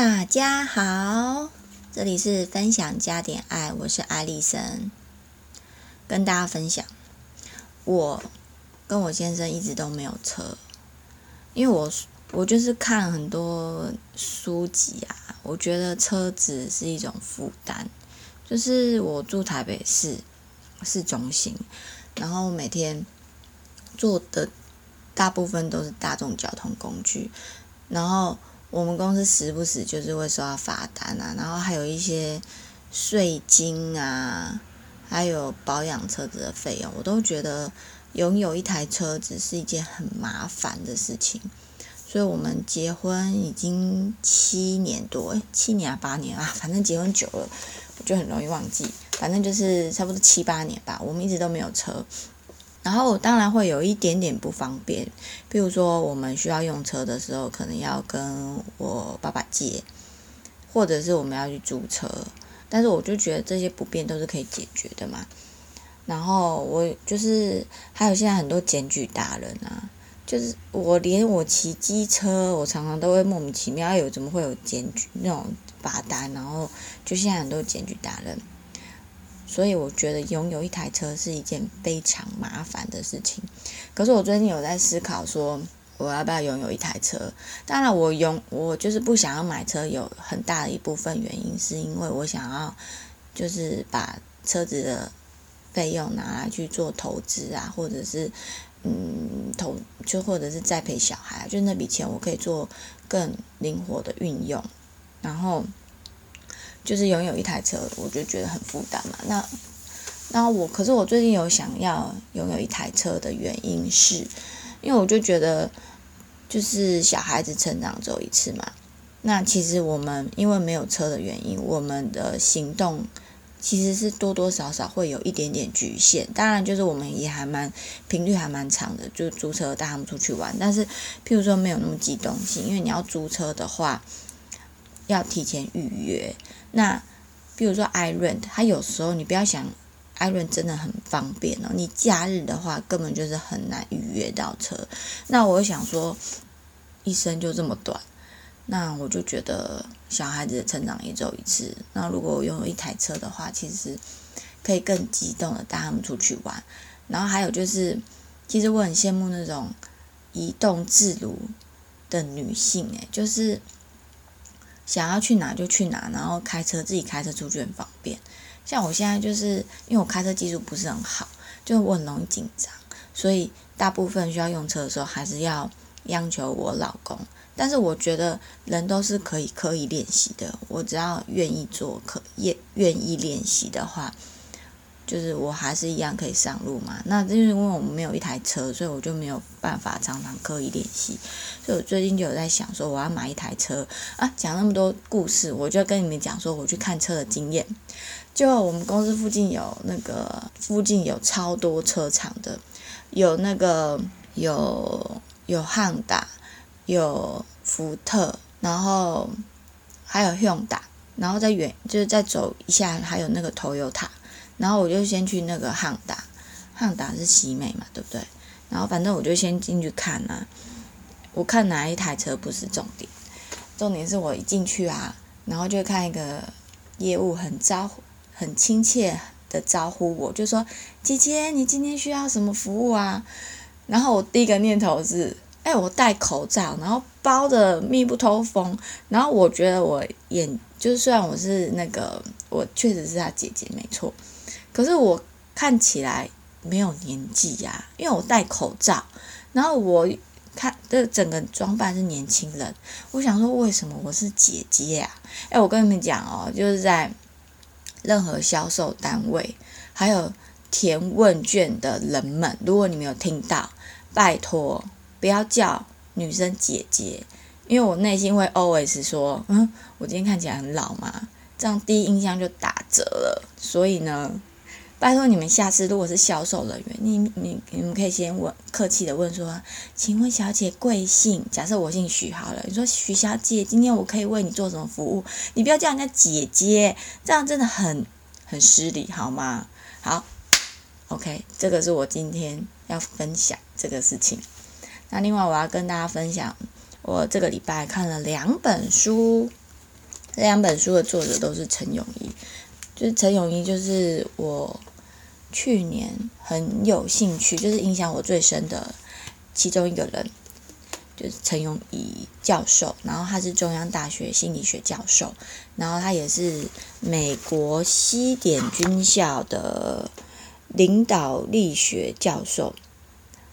大家好，這裡是分享加點愛，我是艾麗森，跟大家分享，我跟我先生一直都沒有車，因為我我就是看很多書籍啊，我覺得車子是一種負擔，就是我住台北市市中心，然後每天坐的大部分都是大眾交通工具，然後。我們公司時不時就是會收到罰單啊，然後還有一些稅金啊，還有保養車子的費用，我都覺得擁有一台車子是一件很麻煩的事情。所以我們結婚已經七年多、欸，七年啊，八年啊，反正結婚久了我就很容易忘記，反正就是差不多七八年吧，我們一直都沒有車。然後我當然會有一點點不方便，比如說我們需要用車的時候，可能要跟我爸爸借，或者是我們要去租車。但是我就覺得這些不便都是可以解決的嘛。然後我就是還有現在很多檢舉達人啊，就是我連我騎機車，我常常都會莫名其妙有、哎呦、怎麼會有檢舉那種罰單，然後就現在很多檢舉達人。所以我覺得擁有一台車是一件非常麻煩的事情。可是我最近有在思考，說我要不要擁有一台車？當然，我擁我就是不想要買車，有很大的一部分原因是因為我想要，就是把車子的費用拿來去做投資啊，或者是嗯投就或者是栽培小孩，就那筆錢我可以做更靈活的運用，然後。就是擁有一台車，我就覺得很負擔嘛。那那我，可是我最近有想要擁有一台車的原因是，因為我就覺得，就是小孩子成長只有一次嘛。那其實我們因為沒有車的原因，我們的行動其實是多多少少會有一點點局限。當然，就是我們也還蠻頻率還蠻長的，就租車帶他們出去玩。但是，譬如說沒有那麼機動性，因為你要租車的話，要提前預約。那，比如說 iRent，它有時候你不要想，iRent 真的很方便哦。你假日的話，根本就是很難預約到車。那我想說，一生就這麼短，那我就覺得小孩子的成長也就一次。那如果我擁有一台車的話，其實可以更激動的帶他們出去玩。然後還有就是，其實我很羨慕那種移動自如的女性，誒，就是。想要去哪就去哪，然後開車，自己開車出去很方便。像我現在就是因為我開車技術不是很好，就我很容易緊張，所以大部分需要用車的時候還是要央求我老公。但是我覺得人都是可以刻意練習的，我只要願意做可，可願願意練習的話。就是我還是一樣可以上路嘛。那就是因為我們沒有一台車，所以我就沒有辦法常常刻意練習。所以我最近就有在想說，我要買一台車啊！講那麼多故事，我就跟你們講說我去看車的經驗。就我們公司附近有那個附近有超多車廠的，有那個有有漢達，有福特，然後還有 Hyundai，然後再遠就是再走一下，還有那個 Toyota。然後我就先去那個漢達，漢達是喜美嘛，對不對？然後反正我就先進去看啊，我看哪一台車不是重點，重點是我一進去啊，然後就看一個業務很招呼、很親切的招呼我，就說：“姐姐，你今天需要什麼服務啊？”然後我第一個念頭是：“哎，我戴口罩，然後包的密不透風，然後我覺得我眼就是雖然我是那個，我確實是他姐姐，沒錯。”可是我看起來沒有年紀呀、啊，因為我戴口罩，然後我看這整個裝扮是年輕人，我想說，為什麼我是姐姐啊？誒、欸，我跟你們講哦，就是在任何銷售單位，還有填問卷的人們，如果你沒有聽到，拜托不要叫女生姐姐，因為我內心會 always 說，嗯，我今天看起來很老嘛，這樣第一印象就打折了。所以呢。拜託你們下次如果是銷售人員，你你你們可以先問客氣的問說，請問小姐貴姓？假設我姓許好了，你說，許小姐，今天我可以為你做什麼服務？你不要叫人家姐姐，這樣真的很很失禮，好嗎？好，OK，這個是我今天要分享這個事情。那另外我要跟大家分享，我這個禮拜看了兩本書，這兩本書的作者都是陳永儀，就是陳永儀，就是我。去年很有興趣，就是影響我最深的其中一個人，就是陳永儀教授。然後他是中央大學心理學教授，然後他也是美國西點軍校的領導力學教授，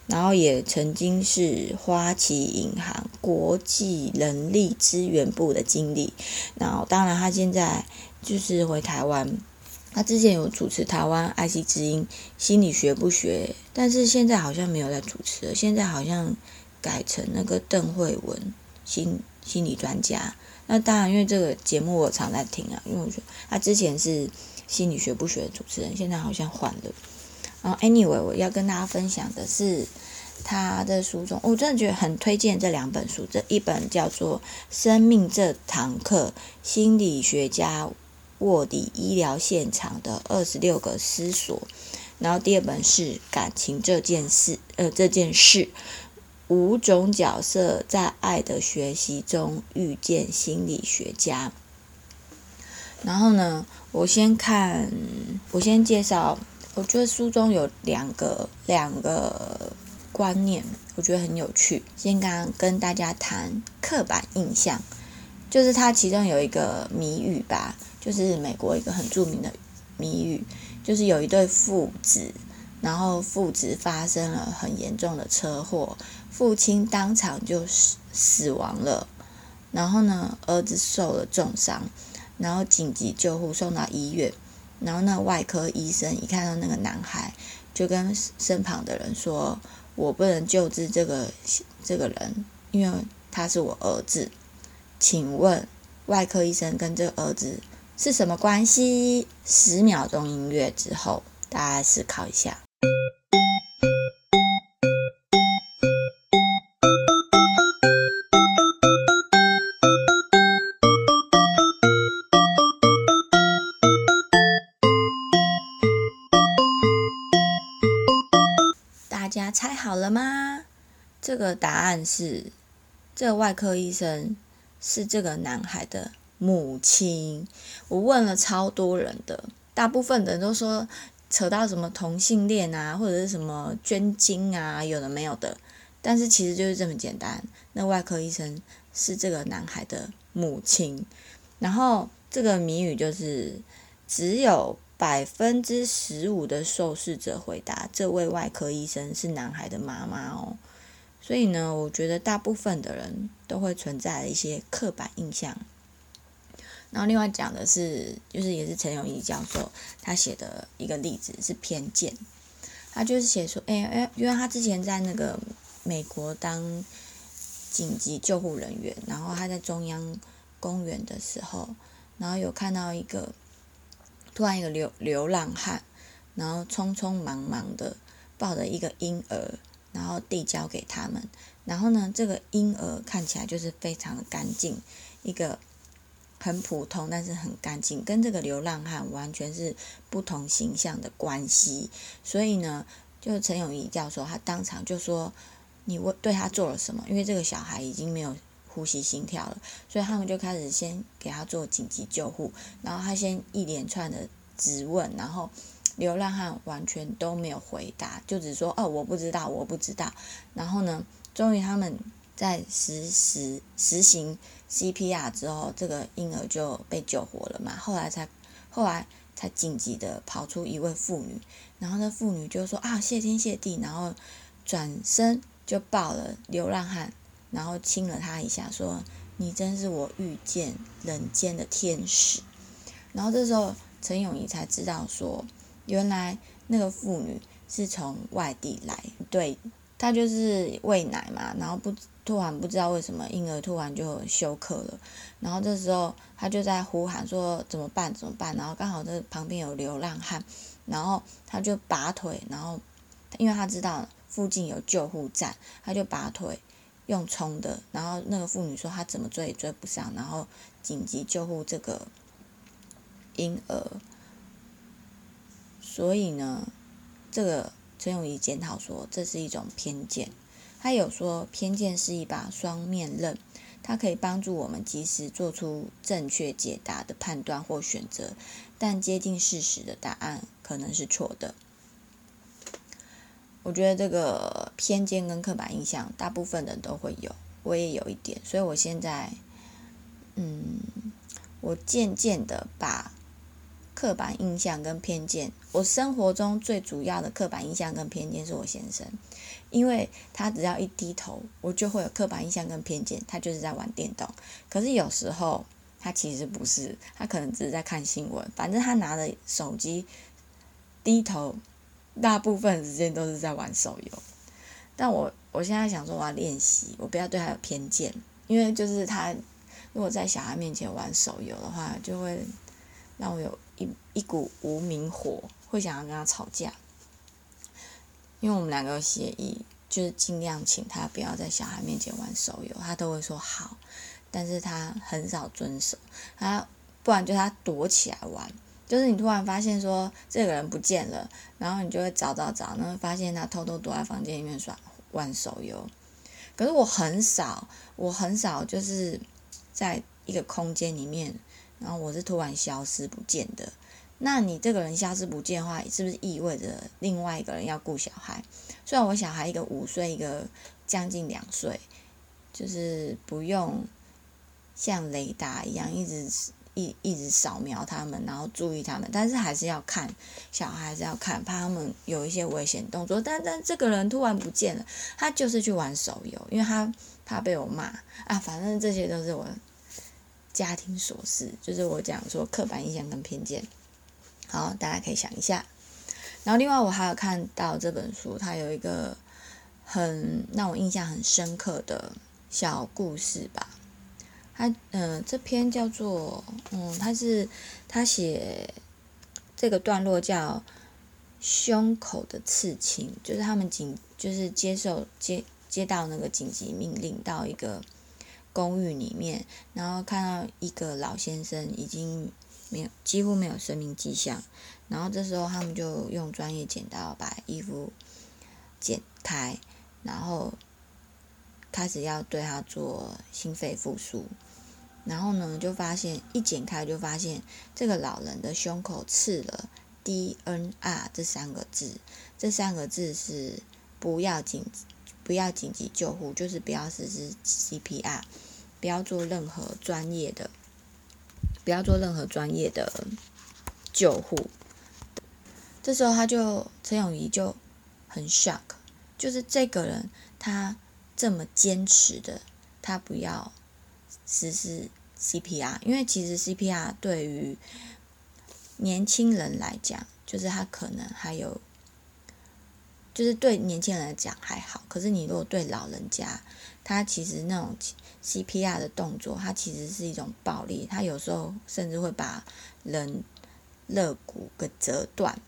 然後也曾經是花旗銀行國際人力資源部的經理。然後當然他現在就是回台灣。他、啊、之前有主持台灣《IC 之音》心理學不學，但是現在好像沒有在主持了。現在好像改成那個鄧惠文心心理專家。那當然，因為這個節目我常在聽啊，因為我覺得他之前是心理學不學的主持人，現在好像換了。然、啊、後，anyway，我要跟大家分享的是他的書中，我真的覺得很推薦這兩本書。這一本叫做《生命這堂課》，心理學家。臥底醫療現場的二十六個思索，然後第二本是《感情這件事》，呃，這件事，五種角色在愛的學習中遇見心理學家。然後呢，我先看，我先介紹，我覺得書中有兩個兩個觀念，我覺得很有趣。先剛剛跟大家談刻板印象，就是它其中有一個謎語吧。就是美國一個很著名的謎語，就是有一對父子，然後父子發生了很嚴重的車禍，父親當場就死死亡了，然後呢，兒子受了重傷，然後緊急救護送到醫院，然後那外科醫生一看到那個男孩，就跟身旁的人說：“我不能救治這個這個人，因為他是我兒子。”請問外科醫生跟這個兒子？是什麼關係？十秒鐘音樂之後，大家思考一下。大家猜好了嗎？這個答案是，這外科醫生是這個男孩的。母親，我問了超多人的，大部分的人都說扯到什麼同性戀啊，或者是什麼捐精啊，有的沒有的。但是其實就是這麼簡單。那外科醫生是這個男孩的母親，然後這個謎語就是只有百分之十五的受試者回答這位外科醫生是男孩的媽媽哦。所以呢，我覺得大部分的人都會存在一些刻板印象。然後另外講的是，就是也是陳永儀教授他寫的一個例子是偏見，他就是寫說，哎哎，因為他之前在那個美國當緊急救護人員，然後他在中央公園的時候，然後有看到一個突然一個流流浪漢，然後匆匆忙忙的抱着一個嬰兒，然後遞交給他們，然後呢這個嬰兒看起來就是非常的乾淨，一個。很普通，但是很乾淨，跟這個流浪漢完全是不同形象的關係。所以呢，就陳永儀教授，他當場就說：“你為對他做了什麼？”因為這個小孩已經沒有呼吸心跳了，所以他們就開始先給他做緊急救護，然後他先一連串的質問，然後流浪漢完全都沒有回答，就只說：“哦，我不知道，我不知道。”然後呢，終於他們。在實施實行 CPR 之後，這個嬰兒就被救活了嘛。後來才，後來才緊急的跑出一位婦女，然後那婦女就說啊，謝天謝地，然後轉身就抱了流浪漢，然後親了他一下說，說你真是我遇見人間的天使。然後這時候陳永儀才知道說，原來那個婦女是從外地來對。他就是餵奶嘛，然後不突然不知道為什麼嬰兒突然就休克了，然後這時候他就在呼喊說怎麼辦怎麼辦，然後剛好這旁邊有流浪漢，然後他就拔腿，然後因為他知道附近有救護站，他就拔腿用衝的，然後那個婦女說她怎麼追也追不上，然後緊急救護這個嬰兒，所以呢這個。陳永儀檢討說：“這是一種偏見。”他有說：“偏見是一把雙面刃，它可以幫助我們及時做出正確解答的判斷或選擇，但接近事實的答案可能是錯的。”我覺得這個偏見跟刻板印象，大部分人都會有，我也有一點，所以我現在，嗯，我漸漸的把。刻板印象跟偏見，我生活中最主要的刻板印象跟偏見是我先生，因為他只要一低頭，我就會有刻板印象跟偏見，他就是在玩電動。可是有時候他其實不是，他可能只是在看新聞。反正他拿著手機低頭，大部分時間都是在玩手遊。但我我現在想說，我要練習，我不要對他有偏見，因為就是他如果在小孩面前玩手遊的話，就會讓我有。一一股無名火，會想要跟他吵架，因為我們兩個有協議，就是盡量請他不要在小孩面前玩手遊，他都會說好，但是他很少遵守，他不然就他躲起來玩，就是你突然發現說這個人不見了，然後你就會找找找，然後發現他偷偷躲在房間裡面耍玩手遊，可是我很少，我很少就是在一個空間裡面。然後我是突然消失不見的，那你這個人消失不見的話，是不是意味着另外一個人要顧小孩？雖然我小孩一個五歲，一個將近兩歲，就是不用像雷達一樣一直一一直掃描他們，然後注意他們，但是還是要看小孩，還是要看，怕他們有一些危險動作。但但這個人突然不見了，他就是去玩手遊，因為他怕被我罵啊，反正這些都是我。家庭瑣事，就是我講說刻板印象跟偏見。好，大家可以想一下。然後，另外我還有看到這本書，它有一個很讓我印象很深刻的小故事吧。它，嗯、呃，這篇叫做，嗯，它是他寫這個段落叫胸口的刺青，就是他們緊，就是接受接接到那個緊急命令到一個。公寓裡面，然後看到一個老先生已經沒有幾乎沒有生命跡象，然後這時候他們就用專業剪刀把衣服剪開，然後開始要對他做心肺復甦，然後呢就發現一剪開就發現這個老人的胸口刺了 DNR 這三個字，這三個字是不要緊不要緊急救護，就是不要實施 CPR。不要做任何專業的，不要做任何專業的救護。這時候他就陳永儀就很 shock，就是這個人他這麼堅持的，他不要實施 CPR，因為其實 CPR 對於年輕人來講，就是他可能還有，就是對年輕人來講還好，可是你如果對老人家，他其實那種 CPR 的動作，他其實是一種暴力，他有時候甚至會把人肋骨給折斷。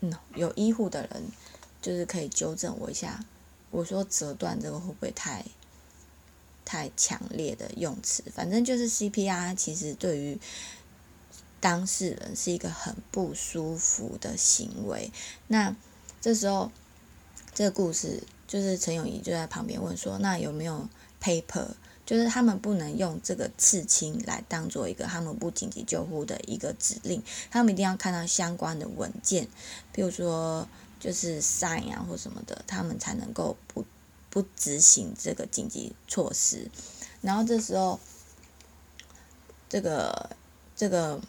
嗯，有醫護的人就是可以糾正我一下，我說折斷這個會不會太太強烈的用詞？反正就是 CPR 其實對於當事人是一個很不舒服的行為。那這時候這個故事。就是陳永儀就在旁邊問說：“那有沒有 paper？就是他們不能用這個刺青來當做一個他們不緊急救護的一個指令，他們一定要看到相關的文件，比如說就是 sign 啊或什麼的，他們才能夠不不執行這個緊急措施。然後這時候，這個這個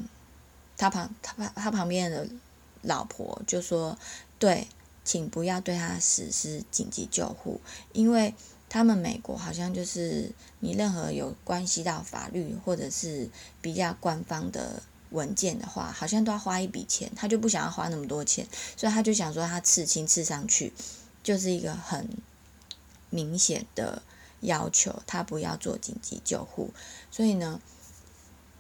他旁他，他旁他旁邊的老婆就說：對。”請不要對他實施緊急救護，因為他們美國好像就是你任何有關係到法律或者是比較官方的文件的話，好像都要花一筆錢，他就不想要花那麼多錢，所以他就想說他刺青刺上去，就是一個很明顯的要求，他不要做緊急救護，所以呢，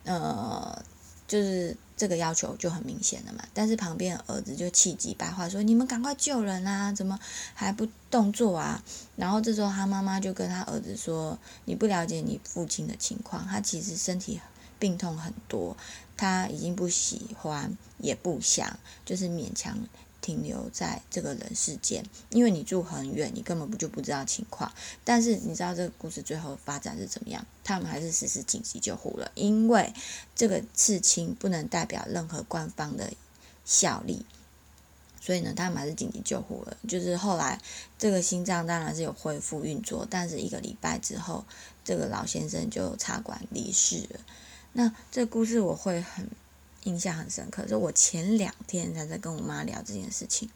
呃，就是。這個要求就很明顯了嘛，但是旁邊兒子就氣急敗壞說：“你們趕快救人啊，怎麼還不動作啊？”然後這時候他媽媽就跟他兒子說：“你不了解你父親的情況，他其實身體病痛很多，他已經不喜歡也不想，就是勉強。”停留在這個人世間，因為你住很遠，你根本不就不知道情況。但是你知道這個故事最後發展是怎麼樣？他們還是實施緊急救護了，因為這個刺青不能代表任何官方的效力，所以呢，他們還是緊急救護了。就是後來這個心臟當然是有恢復運作，但是一個禮拜之後，這個老先生就插管離世了。那這個故事我會很。印象很深刻，就我前兩天才在跟我媽聊這件事情，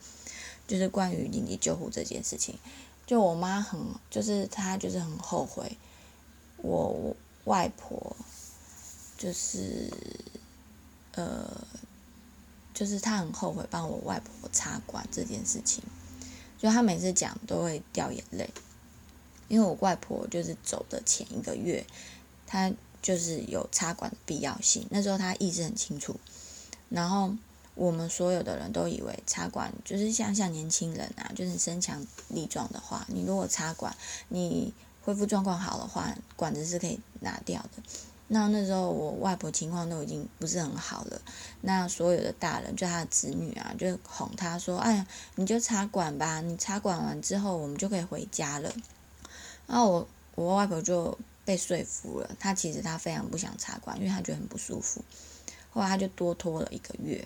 就是關於緊急救護這件事情，就我媽很，就是她就是很後悔，我外婆，就是，呃，就是她很後悔幫我外婆插管這件事情，就她每次講都會掉眼淚，因為我外婆就是走的前一個月，她。就是有插管的必要性，那時候他意識很清楚，然後我們所有的人都以為插管就是像像年輕人啊，就是身強力壯的話，你如果插管，你恢復狀況好的話，管子是可以拿掉的。那那時候我外婆情況都已經不是很好了，那所有的大人就他的子女啊，就哄他說：“哎呀，你就插管吧，你插管完之後，我們就可以回家了。”然後我我外婆就。被說服了，他其實他非常不想插管，因為他覺得很不舒服。後來他就多拖了一個月，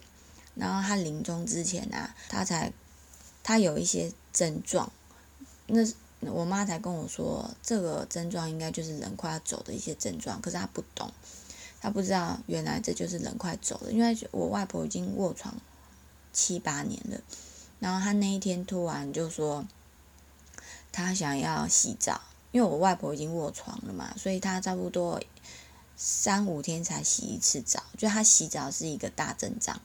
然後他臨終之前啊，他才他有一些症狀，那我媽才跟我說，這個症狀應該就是人快要走的一些症狀。可是他不懂，他不知道原來這就是人快走了，因為我外婆已經臥床七八年了，然後他那一天突然就說，他想要洗澡。因為我外婆已經臥床了嘛，所以她差不多三五天才洗一次澡，就她洗澡是一個大陣仗，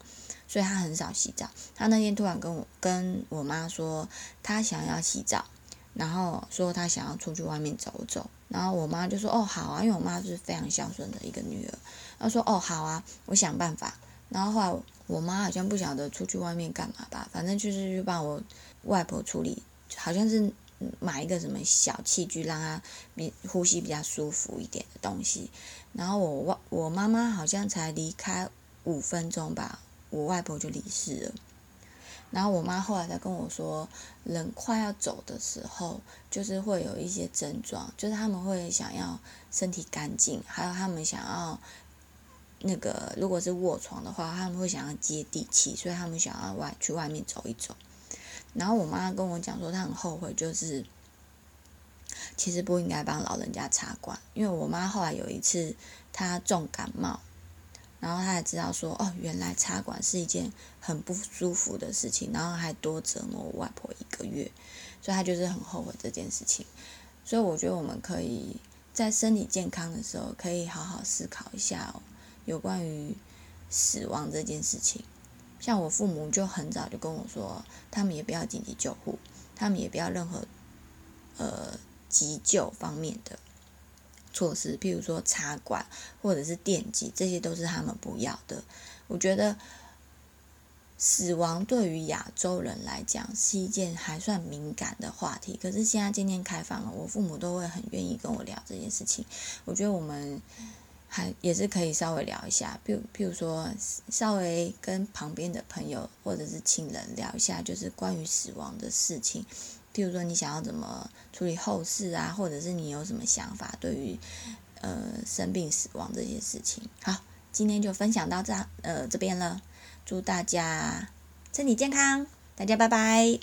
所以她很少洗澡。她那天突然跟我跟我媽說，她想要洗澡，然後說她想要出去外面走走，然後我媽就說哦好啊，因為我媽是非常孝順的一個女兒，她說哦好啊，我想辦法。然後後來我媽好像不曉得出去外面幹嘛吧，反正就是去幫我外婆處理，好像是。買一個什麼小器具，讓他比呼吸比較舒服一點的東西。然後我外，我媽媽好像才離開五分鐘吧，我外婆就離世了。然後我媽後來才跟我說，人快要走的時候，就是會有一些症狀，就是他們會想要身體乾淨，還有他們想要那個，如果是臥床的話，他們會想要接地氣，所以他們想要外，去外面走一走。然後我媽跟我講說，她很後悔，就是其實不應該幫老人家插管，因為我媽後來有一次她重感冒，然後她才知道說，哦，原來插管是一件很不舒服的事情，然後還多折磨我外婆一個月，所以她就是很後悔這件事情。所以我覺得我們可以在身體健康的時候，可以好好思考一下哦，有關於死亡這件事情。像我父母就很早就跟我說，他們也不要緊急救護，他們也不要任何呃急救方面的措施，譬如說插管或者是電擊，這些都是他們不要的。我覺得死亡對於亞洲人來講是一件還算敏感的話題，可是現在漸漸開放了，我父母都會很願意跟我聊這件事情。我覺得我們。還也是可以稍微聊一下，譬如譬如說，稍微跟旁邊的朋友或者是親人聊一下，就是關於死亡的事情。譬如說，你想要怎麼處理後事啊，或者是你有什麼想法對於呃生病死亡這些事情。好，今天就分享到這呃這邊了，祝大家身體健康，大家拜拜。